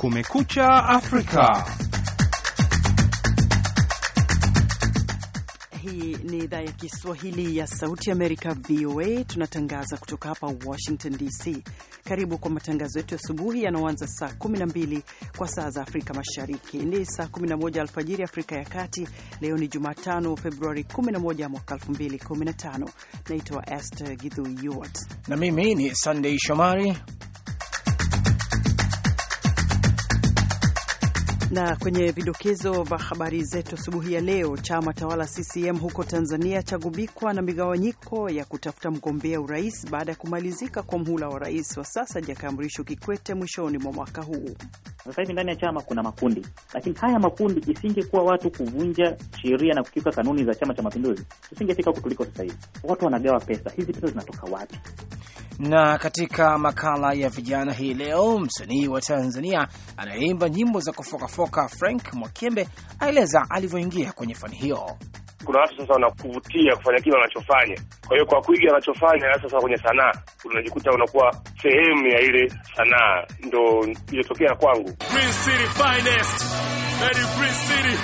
Kumekucha Afrika. Hii ni idhaa ya Kiswahili ya Sauti Amerika, VOA. Tunatangaza kutoka hapa Washington DC. Karibu kwa matangazo yetu ya asubuhi yanaoanza saa 12 kwa saa za Afrika Mashariki, ni saa 11 alfajiri Afrika ya Kati. Leo ni Jumatano, Februari 11 mwaka 2015. Naitwa Esther Githu na mimi ni Sandei Shomari Na kwenye vidokezo vya habari zetu asubuhi ya leo, chama tawala CCM huko Tanzania chagubikwa na migawanyiko ya kutafuta mgombea urais baada ya kumalizika kwa mhula wa rais wa sasa Jakaya Mrisho Kikwete mwishoni mwa mwaka huu. Sasa hivi ndani ya chama kuna makundi, lakini haya makundi, isingekuwa watu kuvunja sheria na kukiuka kanuni za Chama cha Mapinduzi, tusingefika huku tuliko sasa hivi. Watu wanagawa pesa, hizi pesa zinatoka wapi? Na katika makala ya vijana hii leo, msanii wa Tanzania anayeimba nyimbo za kufoka Foka Frank Mwakembe aeleza alivyoingia kwenye fani hiyo. Kuna watu sasa wanakuvutia kufanya kile wanachofanya, kwa hiyo kwa kuiga wanachofanya sasa kwenye sanaa, unajikuta unakuwa sehemu ya ile sanaa. Ndo iliyotokea kwangu Green City Finest, Green City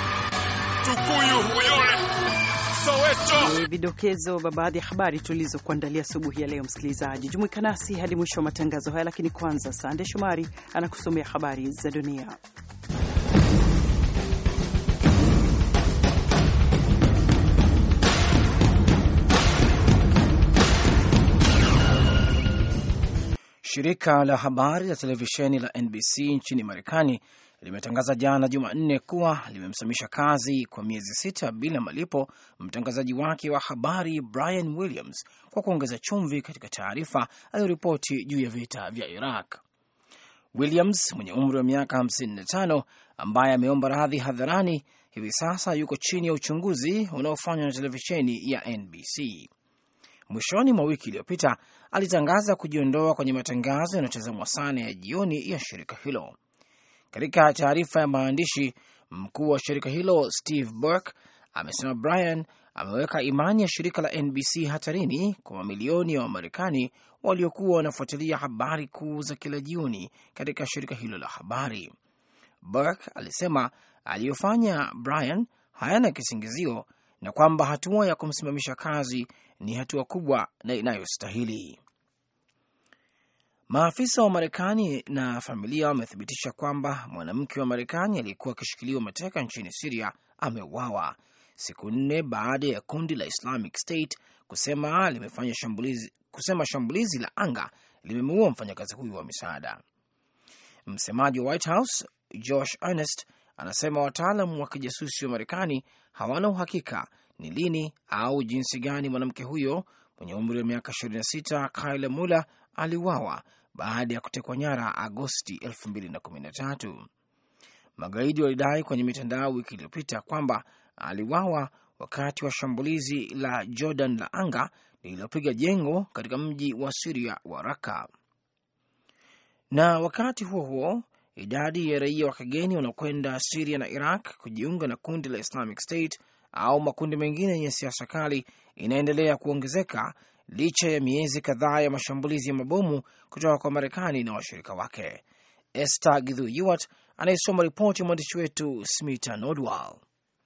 Tukuyu ni vidokezo vya baadhi ya habari tulizokuandalia asubuhi ya leo. Msikilizaji, jumuika nasi hadi mwisho wa matangazo haya, lakini kwanza, Sande Shomari anakusomea habari za dunia. Shirika la habari la televisheni la NBC nchini Marekani limetangaza jana Jumanne kuwa limemsamisha kazi kwa miezi sita bila malipo mtangazaji wake wa habari Brian Williams kwa kuongeza chumvi katika taarifa aliyoripoti juu ya vita vya Iraq. Williams mwenye umri wa miaka 55 ambaye ameomba radhi hadharani hivi sasa yuko chini ya uchunguzi unaofanywa na televisheni ya NBC. Mwishoni mwa wiki iliyopita alitangaza kujiondoa kwenye matangazo yanayotazamwa sana ya jioni ya shirika hilo. Katika taarifa ya maandishi, mkuu wa shirika hilo Steve Burke amesema Brian ameweka imani ya shirika la NBC hatarini kwa mamilioni ya Wamarekani waliokuwa wanafuatilia habari kuu za kila jioni katika shirika hilo la habari. Burke alisema aliyofanya brian hayana kisingizio na kwamba hatua ya kumsimamisha kazi ni hatua kubwa na inayostahili. Maafisa wa Marekani na familia wamethibitisha kwamba mwanamke wa Marekani aliyekuwa akishikiliwa mateka nchini Siria ameuawa siku nne baada ya kundi la Islamic State kusema limefanya shambulizi, kusema shambulizi la anga limemuua mfanyakazi huyu wa misaada. Msemaji wa White House Josh Earnest anasema wataalam wa kijasusi wa Marekani hawana uhakika ni lini au jinsi gani mwanamke huyo mwenye umri wa miaka 26 Kyle Mula aliuawa baada ya kutekwa nyara Agosti 2013. Magaidi walidai kwenye mitandao wiki iliyopita kwamba aliuawa wakati wa shambulizi la Jordan la anga lililopiga jengo katika mji wa Siria wa Raka. Na wakati huo huo, idadi ya raia wa kigeni wanaokwenda Siria na Iraq kujiunga na kundi la Islamic State au makundi mengine yenye siasa kali inaendelea kuongezeka licha ya miezi kadhaa ya mashambulizi ya mabomu kutoka kwa Marekani na washirika wake. Esther Githu Yuwat anayesoma ripoti ya mwandishi wetu Smita nodwal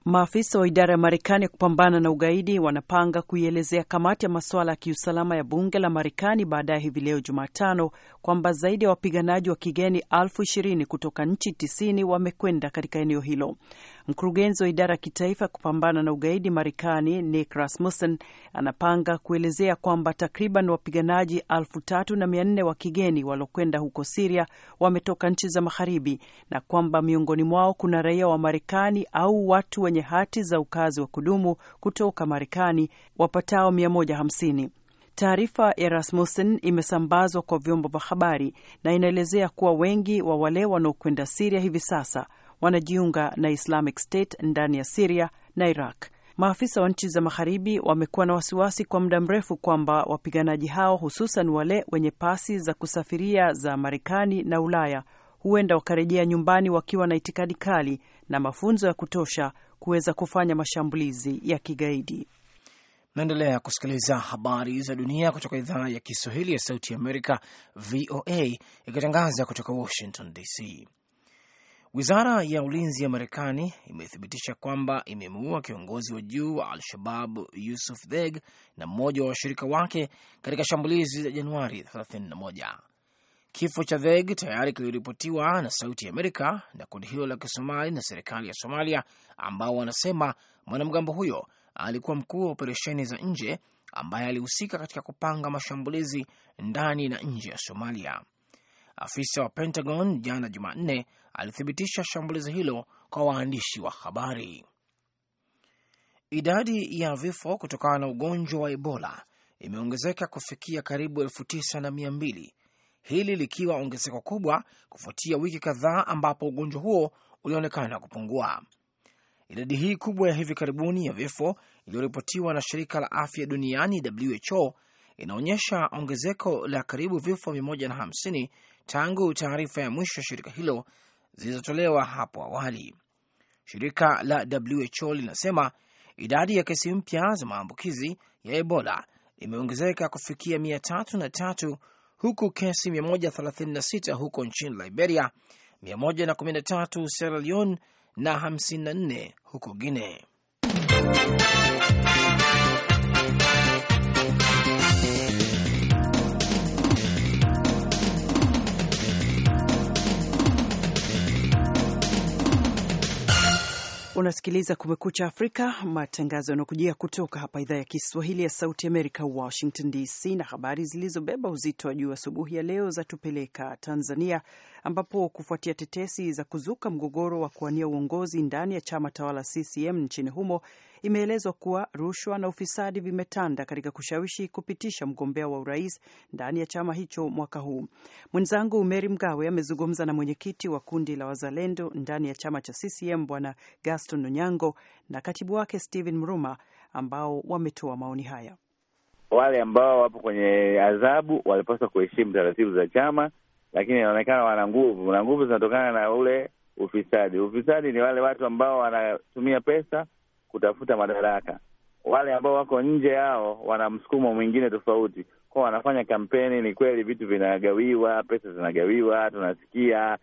Maafisa wa idara ya Marekani ya kupambana na ugaidi wanapanga kuielezea kamati ya masuala ya kiusalama ya bunge la Marekani baadaye hivi leo Jumatano kwamba zaidi ya wapiganaji wa kigeni elfu ishirini kutoka nchi tisini wamekwenda katika eneo hilo. Mkurugenzi wa idara ya kitaifa ya kupambana na ugaidi Marekani, Nick Rasmussen, anapanga kuelezea kwamba takriban wapiganaji elfu tatu na mia nne wa kigeni waliokwenda huko Siria wametoka nchi za magharibi na kwamba miongoni mwao kuna raia wa Marekani au watu wenye hati za ukazi wa kudumu kutoka Marekani wapatao 150. Taarifa ya Rasmussen imesambazwa kwa vyombo vya habari na inaelezea kuwa wengi wa wale wanaokwenda Siria hivi sasa wanajiunga na Islamic State ndani ya Siria na Iraq. Maafisa wa nchi za magharibi wamekuwa na wasiwasi kwa muda mrefu kwamba wapiganaji hao, hususan wale wenye pasi za kusafiria za Marekani na Ulaya, huenda wakarejea nyumbani wakiwa na itikadi kali na mafunzo ya kutosha kuweza kufanya mashambulizi ya kigaidi. Naendelea kusikiliza habari za dunia kutoka idhaa ya Kiswahili ya Sauti ya Amerika, VOA, ikitangaza kutoka Washington DC. Wizara ya ulinzi ya Marekani imethibitisha kwamba imemuua kiongozi wa juu wa Al-Shabab Yusuf dheg na mmoja wa washirika wake katika shambulizi la Januari 31. Kifo cha dheg tayari kiliripotiwa na Sauti ya Amerika na kundi hilo la Kisomali na serikali ya Somalia, ambao wanasema mwanamgambo huyo alikuwa mkuu wa operesheni za nje ambaye alihusika katika kupanga mashambulizi ndani na nje ya Somalia. Afisa wa Pentagon jana Jumanne alithibitisha shambulizi hilo kwa waandishi wa habari. Idadi ya vifo kutokana na ugonjwa wa Ebola imeongezeka kufikia karibu elfu tisa na mia mbili, hili likiwa ongezeko kubwa kufuatia wiki kadhaa ambapo ugonjwa huo ulionekana kupungua. Idadi hii kubwa ya hivi karibuni ya vifo iliyoripotiwa na shirika la afya duniani WHO inaonyesha ongezeko la karibu vifo tangu taarifa ya mwisho ya shirika hilo zilizotolewa hapo awali. Shirika la WHO linasema idadi ya kesi mpya za maambukizi ya Ebola imeongezeka kufikia mia tatu na tatu huku kesi 136 huko nchini Liberia, 113 Sierra Leone na 54 huko Guinea. Unasikiliza Kumekucha Afrika, matangazo yanakujia kutoka hapa idhaa ya Kiswahili ya Sauti Amerika, Washington DC. Na habari zilizobeba uzito wa juu asubuhi ya leo za tupeleka Tanzania, ambapo kufuatia tetesi za kuzuka mgogoro wa kuwania uongozi ndani ya chama tawala CCM nchini humo, Imeelezwa kuwa rushwa na ufisadi vimetanda katika kushawishi kupitisha mgombea wa urais ndani ya chama hicho mwaka huu. Mwenzangu Meri Mgawe amezungumza na mwenyekiti wa kundi la wazalendo ndani ya chama cha CCM Bwana Gaston Onyango na katibu wake Stephen Mruma ambao wametoa maoni haya. Wale ambao wapo kwenye adhabu walipaswa kuheshimu taratibu za chama, lakini inaonekana wana nguvu, na nguvu zinatokana na ule ufisadi. Ufisadi ni wale watu ambao wanatumia pesa kutafuta madaraka. Wale ambao wako nje yao wana msukumo mwingine tofauti, kwa wanafanya kampeni. Ni kweli vitu vinagawiwa, pesa zinagawiwa, tunasikia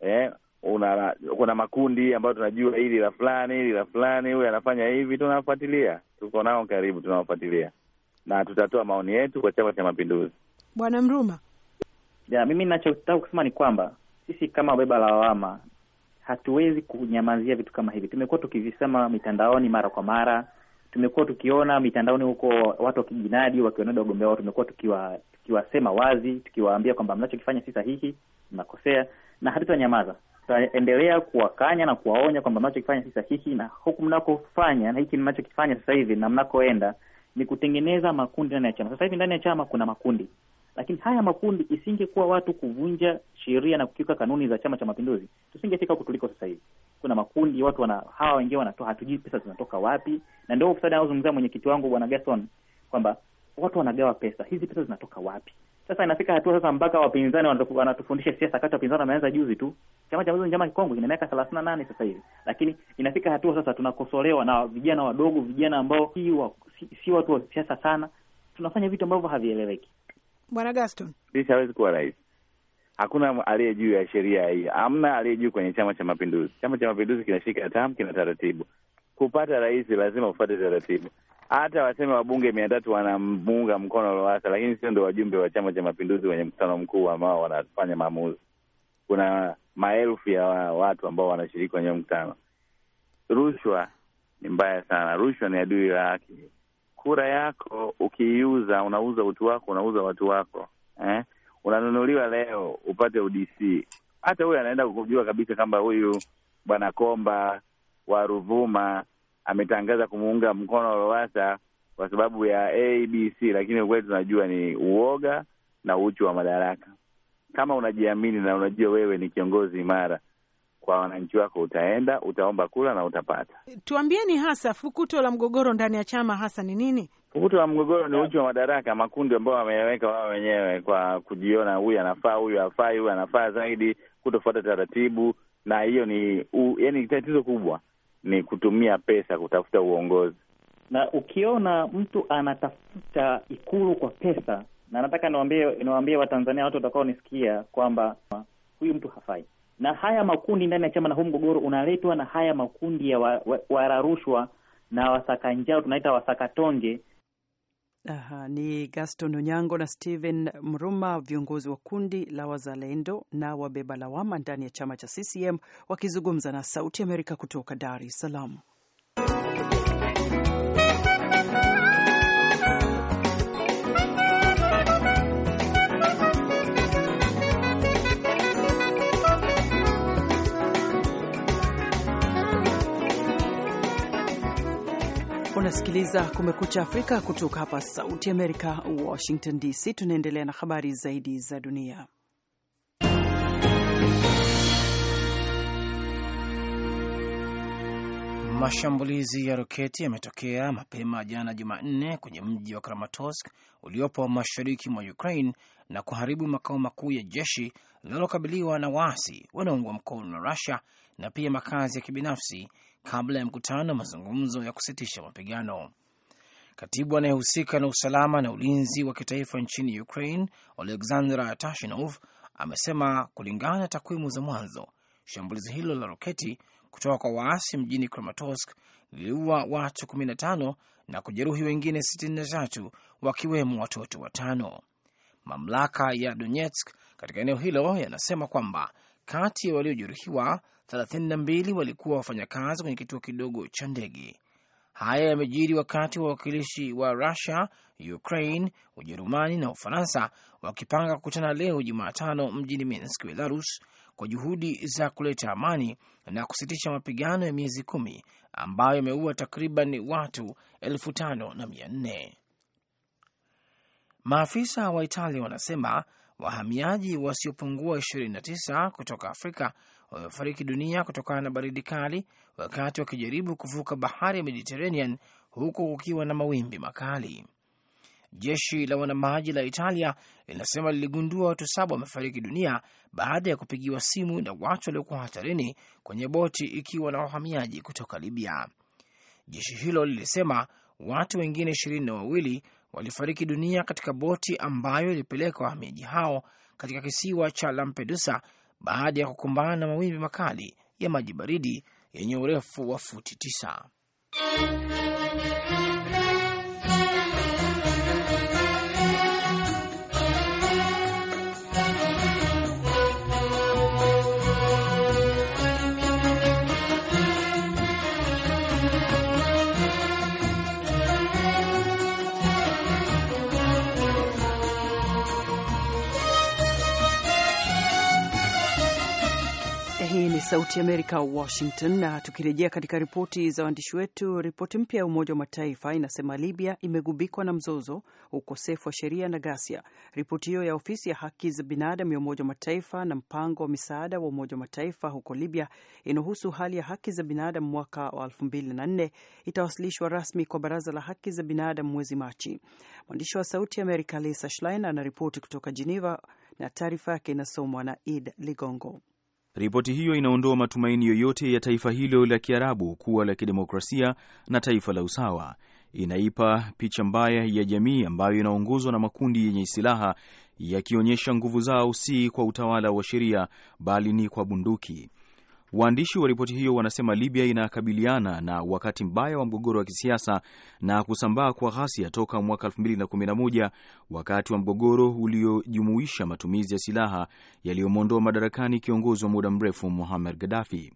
eh, una, kuna makundi ambayo tunajua hili la fulani, hili la fulani, huyu anafanya hivi, tunawafuatilia, tuko nao karibu, tunawafuatilia na tutatoa maoni yetu kwa Chama cha Mapinduzi. Bwana Mruma. Ya, mimi nachotaka kusema ni kwamba sisi kama wabeba lawama hatuwezi kunyamazia vitu kama hivi. Tumekuwa tukivisema mitandaoni mara kwa mara, tumekuwa tukiona mitandaoni huko watu wakijinadi, wakionada wagombea wao, tumekuwa tukiwa tukiwasema wazi, tukiwaambia kwamba mnachokifanya si sahihi, mnakosea, na hatutanyamaza. Tutaendelea kuwakanya na kuwaonya kwamba mnachokifanya si sahihi, na huku mnakofanya na hiki mnachokifanya sasa hivi na mnakoenda ni kutengeneza makundi ndani ya chama. Sasa hivi ndani ya chama kuna makundi lakini haya makundi, isingekuwa watu kuvunja sheria na kukiuka kanuni za Chama cha Mapinduzi, tusingefika huko tuliko sasa hivi. Kuna makundi watu wana, hawa wengine wanatoa, hatujui pesa zinatoka wapi, na ndio ufisadi anaozungumzia mwenyekiti wangu Bwana Gaston kwamba watu wanagawa pesa, hizi pesa zinatoka wapi? Sasa inafika hatua sasa mpaka wapinzani wanatufundisha siasa, kati wapinzani wameanza juzi tu. Chama cha Mapinduzi chama kikongwe, kina miaka thelathini na nane sasa hivi, lakini inafika hatua sasa tunakosolewa na vijana wadogo, vijana ambao si, si, si watu wa siasa sana. Tunafanya vitu ambavyo havieleweki. Bwana Gaston? Lissu hawezi kuwa rais. Hakuna aliye juu ya sheria hii, hamna aliye juu kwenye Chama cha Mapinduzi. Chama cha Mapinduzi kinashika hatamu, kina taratibu. Kupata rais lazima ufuate taratibu. Hata waseme wabunge mia tatu wanamuunga mkono Lowassa, lakini sio ndo wajumbe wa Chama cha Mapinduzi kwenye mkutano mkuu ambao wanafanya maamuzi. Kuna maelfu ya watu ambao wanashiriki kwenye mkutano. Rushwa ni mbaya sana, rushwa ni adui la haki kura yako ukiiuza, unauza utu wako, unauza watu wako eh? Unanunuliwa leo upate UDC. Hata huyu anaenda kujua kabisa kwamba huyu bwana Komba wa Ruvuma ametangaza kumuunga mkono lowasa kwa sababu ya ABC, lakini ukweli tunajua ni uoga na uchu wa madaraka. Kama unajiamini na unajua wewe ni kiongozi imara kwa wananchi wako, utaenda utaomba kura na utapata. Tuambieni hasa fukuto la mgogoro ndani ya chama hasa ni nini? Fukuto la mgogoro ni uchu wa madaraka, makundi ambayo wameweka wao wenyewe kwa kujiona, huyu anafaa, huyu hafai, huyu anafaa zaidi, kutofuata taratibu. Na hiyo ni yani tatizo kubwa ni kutumia pesa kutafuta uongozi, na ukiona mtu anatafuta ikulu kwa pesa, na nataka niwaambie niwaambie Watanzania, watu watakaonisikia kwamba huyu mtu hafai na haya makundi ndani ya chama, na huu mgogoro unaletwa na haya makundi ya wararushwa wa, wa na wasaka njao tunaita wasakatonge. Aha, ni Gaston Onyango na Stephen Mruma, viongozi wa kundi la wazalendo na wabeba lawama ndani ya chama cha CCM wakizungumza na Sauti Amerika kutoka Dar es Salaam. unasikiliza Kumekucha Afrika kutoka hapa Sauti Amerika, Washington DC. Tunaendelea na habari zaidi za dunia. Mashambulizi ya roketi yametokea mapema jana Jumanne kwenye mji wa Kramatorsk uliopo mashariki mwa Ukraine na kuharibu makao makuu ya jeshi linalokabiliwa na waasi wanaoungwa mkono na Rusia na pia makazi ya kibinafsi kabla ya mkutano wa mazungumzo ya kusitisha mapigano. Katibu anayehusika na usalama na ulinzi wa kitaifa nchini Ukraine, Oleksandra Tashinov, amesema kulingana na takwimu za mwanzo, shambulizi hilo la roketi kutoka kwa waasi mjini Kramatorsk liliua watu 15 na kujeruhi wengine 63 wakiwemo watoto watano. Mamlaka ya Donetsk katika eneo hilo yanasema kwamba kati ya waliojeruhiwa 32 walikuwa wafanyakazi kwenye kituo kidogo cha ndege. Haya yamejiri wakati wa wawakilishi wa Rusia, Ukraine, Ujerumani na Ufaransa wakipanga kukutana leo Jumatano mjini Minsk, Belarus, kwa juhudi za kuleta amani na kusitisha mapigano ya miezi kumi ambayo yameua takriban watu elfu tano na mia nne. Maafisa wa Italia wanasema wahamiaji wasiopungua 29 kutoka Afrika wamefariki dunia kutokana na baridi kali wakati wakijaribu kuvuka bahari ya Mediterranean huku kukiwa na mawimbi makali. Jeshi la wanamaji la Italia linasema liligundua watu saba wamefariki dunia baada ya kupigiwa simu na watu waliokuwa hatarini kwenye boti ikiwa na wahamiaji kutoka Libya. Jeshi hilo lilisema watu wengine ishirini na wawili walifariki dunia katika boti ambayo ilipeleka wahamiaji hao katika kisiwa cha Lampedusa baada ya kukumbana na mawimbi makali ya maji baridi yenye urefu wa futi tisa. Sauti Amerika, Washington. Na tukirejea katika ripoti za waandishi wetu, ripoti mpya ya Umoja wa Mataifa inasema Libya imegubikwa na mzozo, ukosefu wa sheria na ghasia. Ripoti hiyo ya ofisi ya haki za binadamu ya Umoja wa Mataifa na mpango wa misaada wa Umoja wa Mataifa huko Libya inahusu hali ya haki za binadamu mwaka wa 2004 itawasilishwa rasmi kwa Baraza la Haki za Binadamu mwezi Machi. Mwandishi wa Sauti Amerika Lisa Schlein anaripoti kutoka Geneva na taarifa yake inasomwa na Id Ligongo. Ripoti hiyo inaondoa matumaini yoyote ya taifa hilo la Kiarabu kuwa la kidemokrasia na taifa la usawa. Inaipa picha mbaya ya jamii ambayo inaongozwa na makundi yenye silaha yakionyesha nguvu zao si kwa utawala wa sheria, bali ni kwa bunduki. Waandishi wa ripoti hiyo wanasema Libya inakabiliana na wakati mbaya wa mgogoro wa kisiasa na kusambaa kwa ghasia toka mwaka 2011 wakati wa mgogoro uliojumuisha matumizi ya silaha yaliyomwondoa madarakani kiongozi wa muda mrefu muhamed Gaddafi.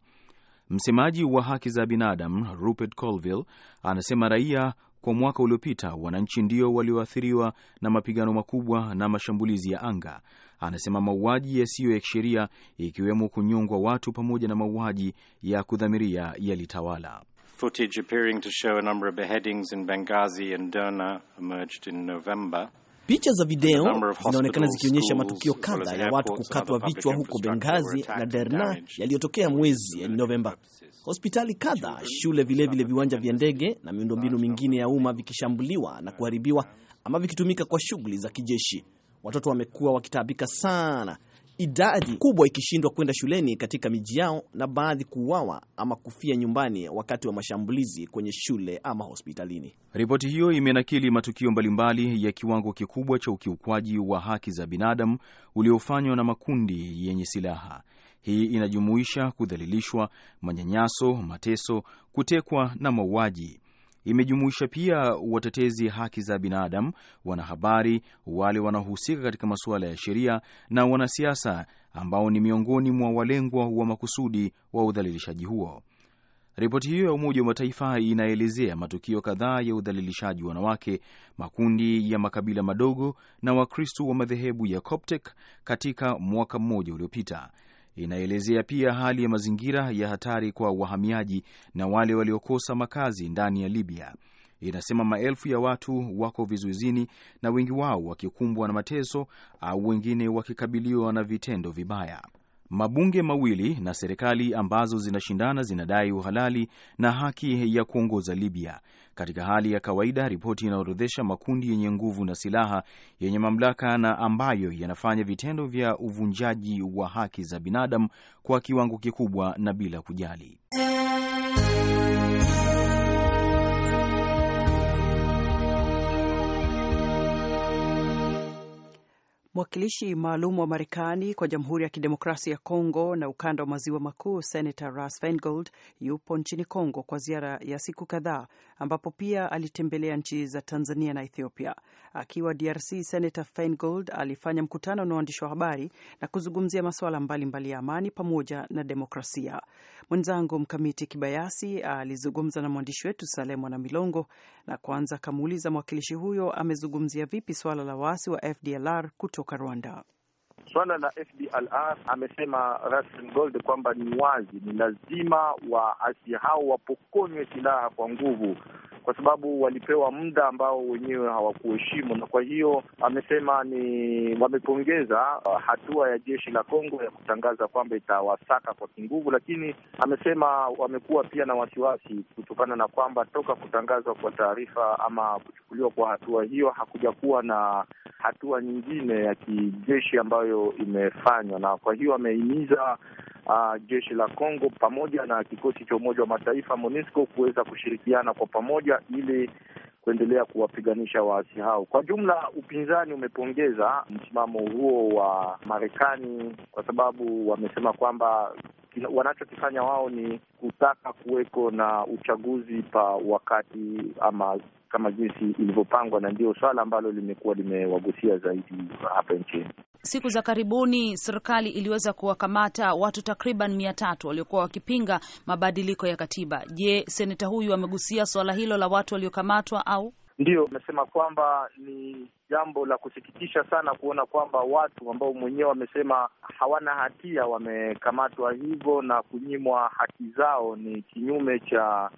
Msemaji wa haki za binadamu Rupert Colville anasema raia kwa mwaka uliopita, wananchi ndio walioathiriwa na mapigano makubwa na mashambulizi ya anga. Anasema mauaji yasiyo ya kisheria, ikiwemo kunyongwa watu pamoja na mauaji ya kudhamiria yalitawala. Footage appearing to show a number of beheadings in Benghazi and Derna emerged in November. Picha za video zinaonekana zikionyesha matukio kadha ya watu kukatwa vichwa huko Benghazi na Derna yaliyotokea mwezi Novemba. Hospitali kadha, shule, vilevile viwanja vya ndege na miundombinu mingine ya umma vikishambuliwa na kuharibiwa ama vikitumika kwa shughuli za kijeshi. Watoto wamekuwa wakitaabika sana idadi kubwa ikishindwa kwenda shuleni katika miji yao na baadhi kuuawa ama kufia nyumbani wakati wa mashambulizi kwenye shule ama hospitalini. Ripoti hiyo imenakili matukio mbalimbali ya kiwango kikubwa cha ukiukwaji wa haki za binadamu uliofanywa na makundi yenye silaha. Hii inajumuisha kudhalilishwa, manyanyaso, mateso, kutekwa na mauaji imejumuisha pia watetezi haki za binadamu, wanahabari, wale wanaohusika katika masuala ya sheria na wanasiasa ambao ni miongoni mwa walengwa wa makusudi wa udhalilishaji huo. Ripoti hiyo ya Umoja wa Mataifa inaelezea matukio kadhaa ya udhalilishaji wanawake, makundi ya makabila madogo na Wakristo wa madhehebu ya Coptic katika mwaka mmoja uliopita Inaelezea pia hali ya mazingira ya hatari kwa wahamiaji na wale waliokosa makazi ndani ya Libya. Inasema maelfu ya watu wako vizuizini na wengi wao wakikumbwa na mateso au wengine wakikabiliwa na vitendo vibaya. Mabunge mawili na serikali ambazo zinashindana zinadai uhalali na haki ya kuongoza Libya. Katika hali ya kawaida, ripoti inaorodhesha makundi yenye nguvu na silaha yenye mamlaka na ambayo yanafanya vitendo vya uvunjaji wa haki za binadamu kwa kiwango kikubwa na bila kujali Mwakilishi maalum wa Marekani kwa Jamhuri ya Kidemokrasia ya Kongo na ukanda wa maziwa makuu, Senator Russ Feingold yupo nchini Kongo kwa ziara ya siku kadhaa, ambapo pia alitembelea nchi za Tanzania na Ethiopia. Akiwa DRC, Senator Feingold alifanya mkutano na waandishi wa habari na kuzungumzia masuala mbalimbali ya amani pamoja na demokrasia. Mwenzangu Mkamiti Kibayasi alizungumza na mwandishi wetu na milongo na kwanza akamuuliza mwakilishi huyo amezungumzia vipi swala la waasi wa FDLR kutoka kutoka Rwanda. Suala la FDLR amesema Rustin Gold kwamba ni wazi, ni lazima waasi hao wapokonywe silaha kwa nguvu, kwa sababu walipewa muda ambao wenyewe hawakuheshimu, na kwa hiyo amesema ni wamepongeza uh, hatua ya jeshi la Kongo ya kutangaza kwamba itawasaka kwa kinguvu, lakini amesema wamekuwa pia na wasiwasi kutokana na kwamba toka kutangazwa kwa taarifa ama kuchukuliwa kwa hatua hiyo hakuja kuwa na hatua nyingine ya kijeshi ambayo imefanywa, na kwa hiyo amehimiza uh, jeshi la Kongo pamoja na kikosi cha Umoja wa Mataifa MONUSCO kuweza kushirikiana kwa pamoja ili kuendelea kuwapiganisha waasi hao. Kwa jumla, upinzani umepongeza msimamo huo wa Marekani kwa sababu wamesema kwamba wanachokifanya wao ni kutaka kuweko na uchaguzi pa wakati ama kama jinsi ilivyopangwa, na ndio swala ambalo limekuwa limewagusia zaidi hapa nchini. Siku za karibuni serikali iliweza kuwakamata watu takriban mia tatu waliokuwa wakipinga mabadiliko ya katiba. Je, seneta huyu amegusia swala hilo la watu waliokamatwa au ndio amesema kwamba ni jambo la kusikitisha sana kuona kwamba watu ambao mwenyewe wamesema hawana hatia wamekamatwa hivyo na kunyimwa haki zao. Ni kinyume cha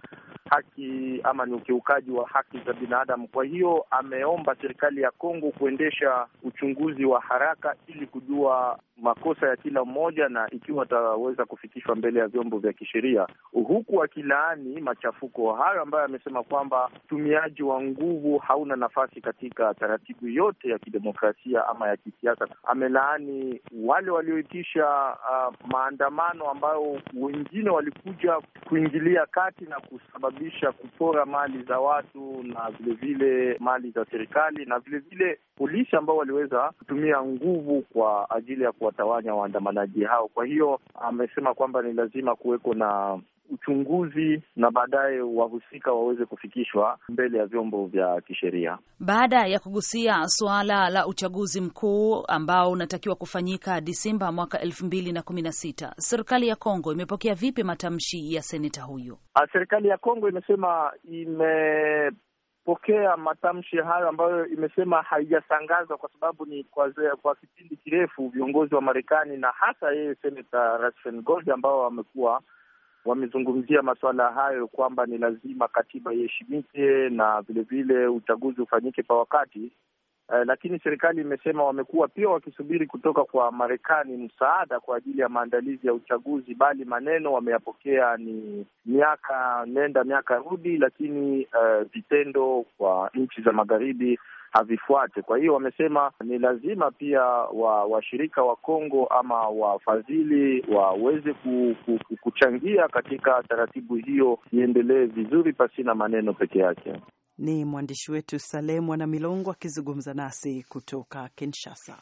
haki ama ni ukiukaji wa haki za binadamu. Kwa hiyo ameomba serikali ya Kongo kuendesha uchunguzi wa haraka ili kujua makosa ya kila mmoja na ikiwa ataweza kufikishwa mbele ya vyombo vya kisheria, huku akilaani machafuko hayo ambayo amesema kwamba utumiaji wa nguvu hauna nafasi katika taratibu yote ya kidemokrasia ama ya kisiasa. Amelaani wale walioitisha uh, maandamano ambayo wengine walikuja kuingilia kati na kusababisha kusababisha kupora mali za watu na vilevile mali za serikali na vilevile polisi ambao waliweza kutumia nguvu kwa ajili ya kuwatawanya waandamanaji hao. Kwa hiyo amesema kwamba ni lazima kuweko na uchunguzi na baadaye wahusika waweze kufikishwa mbele ya vyombo vya kisheria. Baada ya kugusia suala la uchaguzi mkuu ambao unatakiwa kufanyika Disemba mwaka elfu mbili na kumi na sita, serikali ya Kongo imepokea vipi matamshi ya seneta A, ah, Serikali ya Kongo imesema ime pokea matamshi hayo ambayo imesema haijasangazwa kwa sababu ni kwa, kwa kipindi kirefu viongozi wa Marekani na hasa yeye seneta Rashen Gold ambao wamekuwa wamezungumzia masuala hayo kwamba ni lazima katiba iheshimike na vilevile uchaguzi ufanyike kwa wakati. eh, lakini serikali imesema wamekuwa pia wakisubiri kutoka kwa Marekani msaada kwa ajili ya maandalizi ya uchaguzi, bali maneno wameyapokea ni miaka nenda miaka rudi, lakini eh, vitendo eh, kwa nchi za magharibi havifuate. Kwa hiyo wamesema ni lazima pia washirika wa, wa Kongo ama wafadhili waweze ku, ku, kuchangia katika taratibu hiyo iendelee vizuri pasina maneno peke yake. Ni mwandishi wetu Salem Mwana Milongo akizungumza nasi kutoka Kinshasa.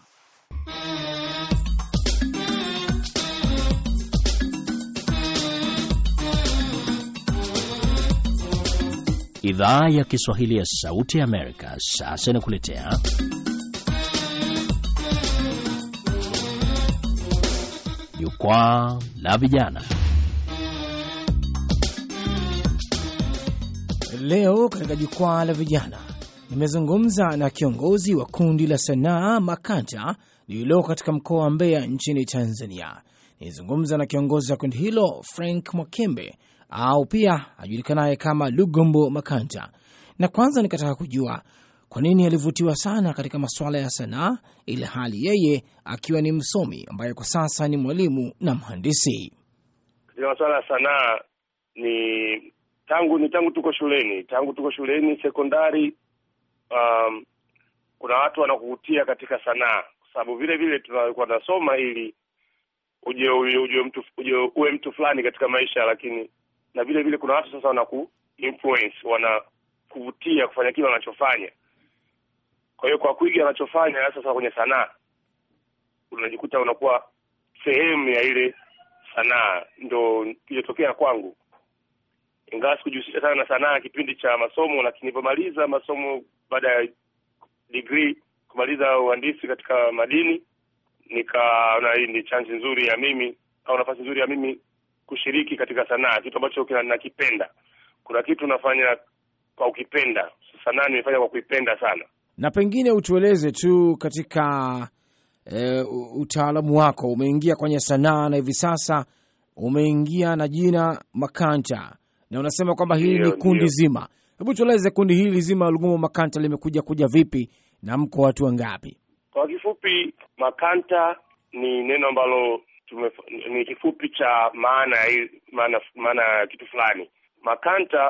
Idhaa ya Kiswahili ya Sauti ya Amerika sasa inakuletea Jukwaa la Vijana. Leo katika Jukwaa la Vijana nimezungumza na kiongozi wa kundi la sanaa makanta lililoko katika mkoa wa Mbeya nchini Tanzania. Nilizungumza na kiongozi wa kundi hilo Frank Mwakembe au pia ajulikanaye kama Lugombo makanta na kwanza nikataka kujua kwa nini alivutiwa sana katika masuala ya sanaa, ili hali yeye akiwa ni msomi ambaye kwa sasa ni mwalimu na mhandisi. Katika masuala ya sanaa ni tangu ni tangu tuko shuleni, tangu tuko shuleni sekondari, um, kuna watu wanakuvutia katika sanaa, kwa sababu vile vile tunakuwa tunasoma ili uje uje uje uje uwe mtu fulani katika maisha, lakini na vile vile kuna watu sasa wanaku influence wanakuvutia kufanya kile wanachofanya. Kwa hiyo kwa kuiga anachofanya sasa kwenye sanaa, unajikuta unakuwa sehemu ya ile sanaa. Ndo kilichotokea kwangu, ingawa sikujihusisha sana na sanaa kipindi cha masomo, lakini nilipomaliza masomo baada ya degree kumaliza uhandisi katika madini, nikaona hii ni chance nzuri ya mimi au nafasi nzuri ya mimi kushiriki katika sanaa, kitu ambacho nakipenda. Kuna kitu nafanya kwa ukipenda, sanaa nimefanya kwa kuipenda sana. Na pengine utueleze tu katika e, utaalamu wako, umeingia kwenye sanaa na hivi sasa umeingia na jina Makanta na unasema kwamba hili ni kundi zima. Hebu tueleze kundi hili zima Lugumo Makanta limekuja kuja vipi na mko watu wangapi? Kwa kifupi, Makanta ni neno ambalo ni kifupi cha maana maana maana ya kitu fulani. Makanta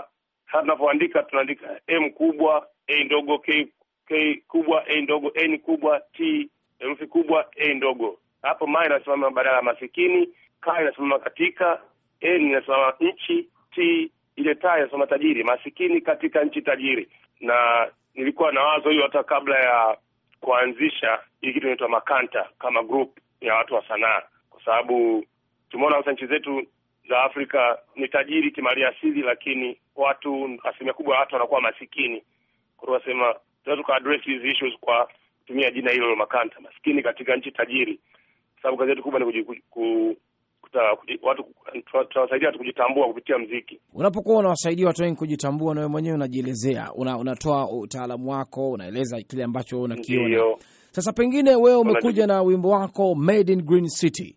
hata tunapoandika tunaandika m kubwa a ndogo k k kubwa a ndogo n kubwa t herufi kubwa a ndogo. Hapo ma inasimama badala ya masikini, ka inasimama katika, n inasimama nchi, t ile ta inasimama tajiri, masikini katika nchi tajiri. Na nilikuwa na wazo hiyo hata kabla ya kuanzisha hii kitu inaitwa Makanta kama group ya watu wa sanaa kwa sababu tumeona hasa nchi zetu za Afrika ni tajiri kimali asili, lakini watu, asilimia kubwa ya watu wanakuwa masikini. Kwa hiyo Sema tunaweza address these issues kwa kutumia jina hilo Makanta, masikini katika nchi tajiri, kwa sababu kazi yetu kubwa ni ku tunawasaidia watu kujitambua kupitia mziki. Unapokuwa unawasaidia watu wengi kujitambua, na wewe mwenyewe unajielezea, unatoa utaalamu wako, unaeleza kile ambacho unakiona. Sasa pengine wewe umekuja na wimbo wako Made in Green City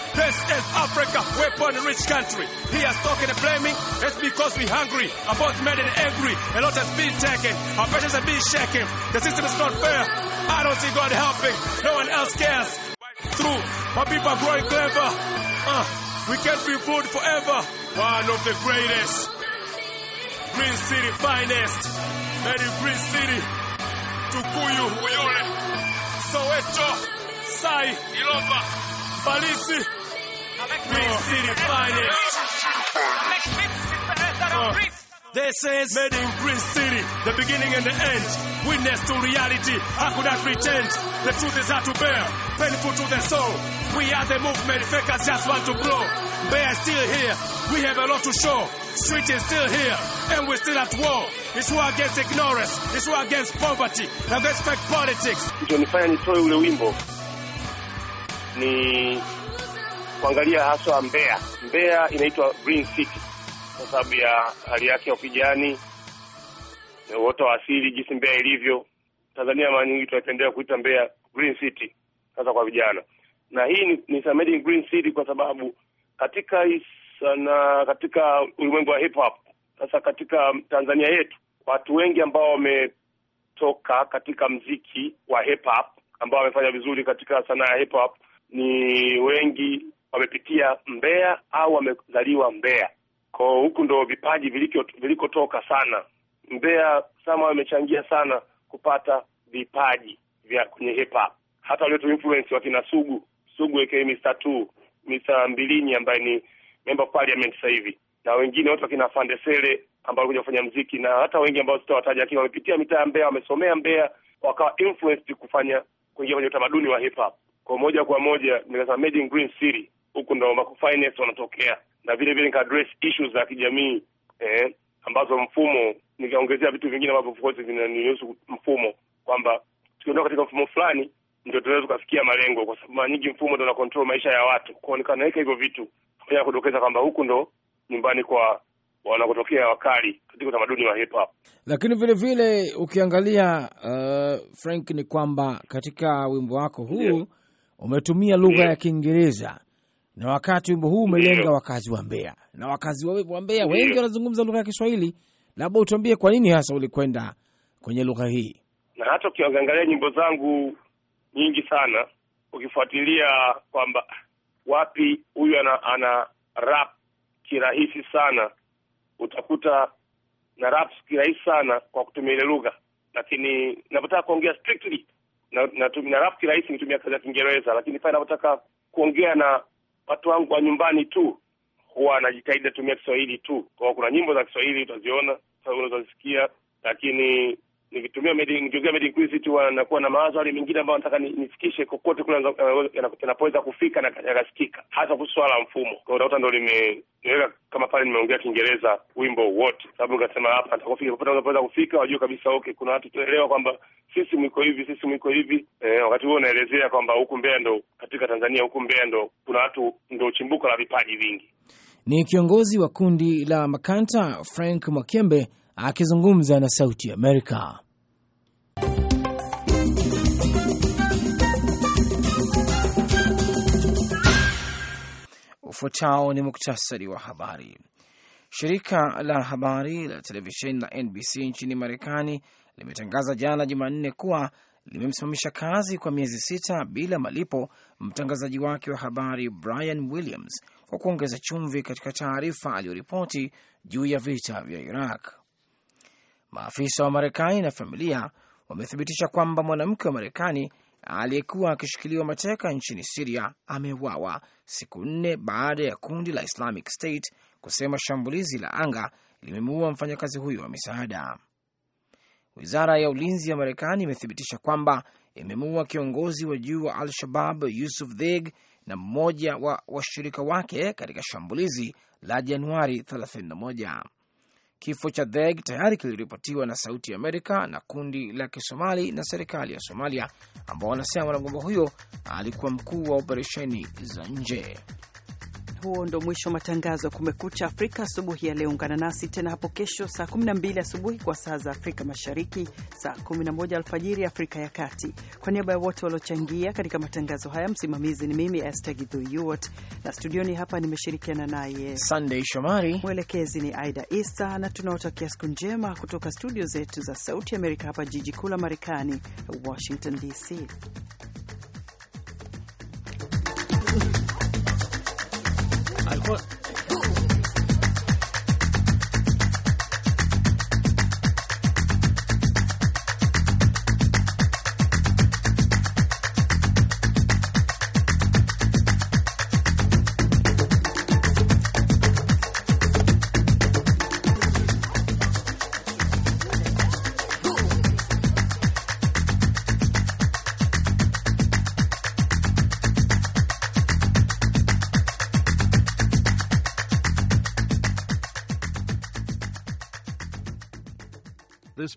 This is Africa, We're a rich country. He has talking and blaming. It's because we're hungry. Our both made and angry. A lot has been taken. Our patience have been shaken. The system is not fair. I don't see God helping. No one else cares. Through, my people are growing clever. Uh, we can't be fooled forever. One of the greatest. Green City finest. Very Green City. Tukuyu, Uyole, Soweto, Sai, Ilova, Balisi. Green City This is Made in Green City, the beginning and the end. Witness to reality, I could not pretend. The truth is hard to bear, painful to the soul. We are the movement, fakers just want to grow. They are still here, we have a lot to show. Street is still here, and we're still at war. It's war against ignorance, it's war against poverty, against fake politics. kuangalia haswa Mbeya. Mbeya inaitwa Green City kwa sababu ya hali yake ya ukijani, uoto wa asili, jinsi Mbeya ilivyo. Tanzania mara nyingi tunapendelea kuita Mbeya Green City, hasa kwa vijana, na hii ni, ni Samedi Green City kwa sababu katika sana, katika ulimwengu wa hip hop sasa, katika Tanzania yetu watu wengi ambao wametoka katika mziki wa hip hop ambao wamefanya vizuri katika sanaa ya hip hop ni wengi wamepitia Mbeya au wamezaliwa Mbeya. Kwao huku ndo vipaji vilikotoka sana. Mbeya sama wamechangia sana kupata vipaji vya kwenye hip hop, hata waliotu influence wakina Sugu Sugu aka Mr 2 Mr Mbilinyi ambaye ni member of parliament sasa hivi na wengine wote wakina Fandesele ambao kuja kufanya mziki na hata wengi ambao sitawataja, lakini wamepitia mitaa ya Mbeya, wamesomea Mbeya, wakawa influenced kufanya kuingia kwenye utamaduni wa hip hop. Kwa moja kwa moja nikasema Made in Green City huku ndo ambako finance wanatokea, na vile vile address issues za kijamii eh, ambazo mfumo, nikaongezea vitu vingine ambavyo of course vinanihusu mfumo, kwamba tukiondoka katika mfumo fulani ndio tunaweza tukafikia malengo, kwa sababu mara nyingi mfumo ndo na control maisha ya watu kwao. Nikanaweka hivyo vitu pamoja kudokeza kwamba huku ndo nyumbani kwa wanakotokea wakali katika utamaduni wa hip hop. Lakini vile vile ukiangalia uh, Frank, ni kwamba katika wimbo wako huu yeah, umetumia lugha yeah, ya Kiingereza na wakati wimbo huu umelenga wakazi wa Mbeya na wakazi wa Mbeya wengi wanazungumza lugha ya Kiswahili, labda utuambie kwa nini hasa ulikwenda kwenye lugha hii? Na hata ukiangalia nyimbo zangu nyingi sana, ukifuatilia kwamba wapi huyu ana, ana rap kirahisi sana, utakuta na rap kirahisi sana kwa kutumia ile lugha, lakini napotaka kuongea strictly na, na, na rap kirahisi nitumia kazi ya Kiingereza, lakini pale napotaka kuongea na watu wangu wa nyumbani tu huwa anajitahidi atumia Kiswahili tu, kwa kuna nyimbo za Kiswahili utaziona, utazisikia, lakini nikitumia Made in nakuwa na mawazo hali mengine ambayo nataka nifikishe kokote kule yanapoweza kufika na yakasikika, hasa kuhusu swala la mfumo. utakuta ndo limeweka kama pale nimeongea Kiingereza wimbo wote, sababu nikasema hapa nitakapofika popote unapoweza kufika, wajue kabisa okay, kuna watu tunaelewa kwamba sisi mwiko hivi, sisi mwiko hivi. Eh, wakati huo unaelezea kwamba huku mbea ndo katika Tanzania, huku mbea ndo kuna watu ndo chimbuko la vipaji vingi. Ni kiongozi wa kundi la Makanta Frank Mwakembe akizungumza na Sauti Amerika. Ufuatao ni muktasari wa habari. Shirika la habari la televisheni la NBC nchini Marekani limetangaza jana Jumanne kuwa limemsimamisha kazi kwa miezi sita bila malipo mtangazaji wake wa habari Brian Williams kwa kuongeza chumvi katika taarifa aliyoripoti juu ya vita vya Iraq. Maafisa wa Marekani na familia wamethibitisha kwamba mwanamke wa Marekani aliyekuwa akishikiliwa mateka nchini Siria ameuawa siku nne baada ya kundi la Islamic State kusema shambulizi la anga limemuua mfanyakazi huyo wa misaada. Wizara ya ulinzi ya Marekani imethibitisha kwamba imemuua kiongozi wa juu wa Al-Shabab Yusuf dheg na mmoja wa washirika wake katika shambulizi la Januari 31. Kifo cha Theg tayari kiliripotiwa na Sauti ya Amerika na kundi la Kisomali na serikali ya Somalia, ambao wanasema mwanamgambo huyo alikuwa mkuu wa operesheni za nje huo ndo mwisho wa matangazo ya Kumekucha Afrika asubuhi ya leo. Ungana nasi tena hapo kesho saa 12 asubuhi kwa saa za Afrika Mashariki, saa 11 alfajiri Afrika ya Kati. Kwa niaba ya wote waliochangia katika matangazo haya, msimamizi ni mimi Esther Githyuot na studioni hapa nimeshirikiana naye Sandey Shomari, mwelekezi ni Aida Issa, na tunaotakia siku njema kutoka studio zetu za Sauti Amerika hapa jiji kuu la Marekani, Washington DC. Al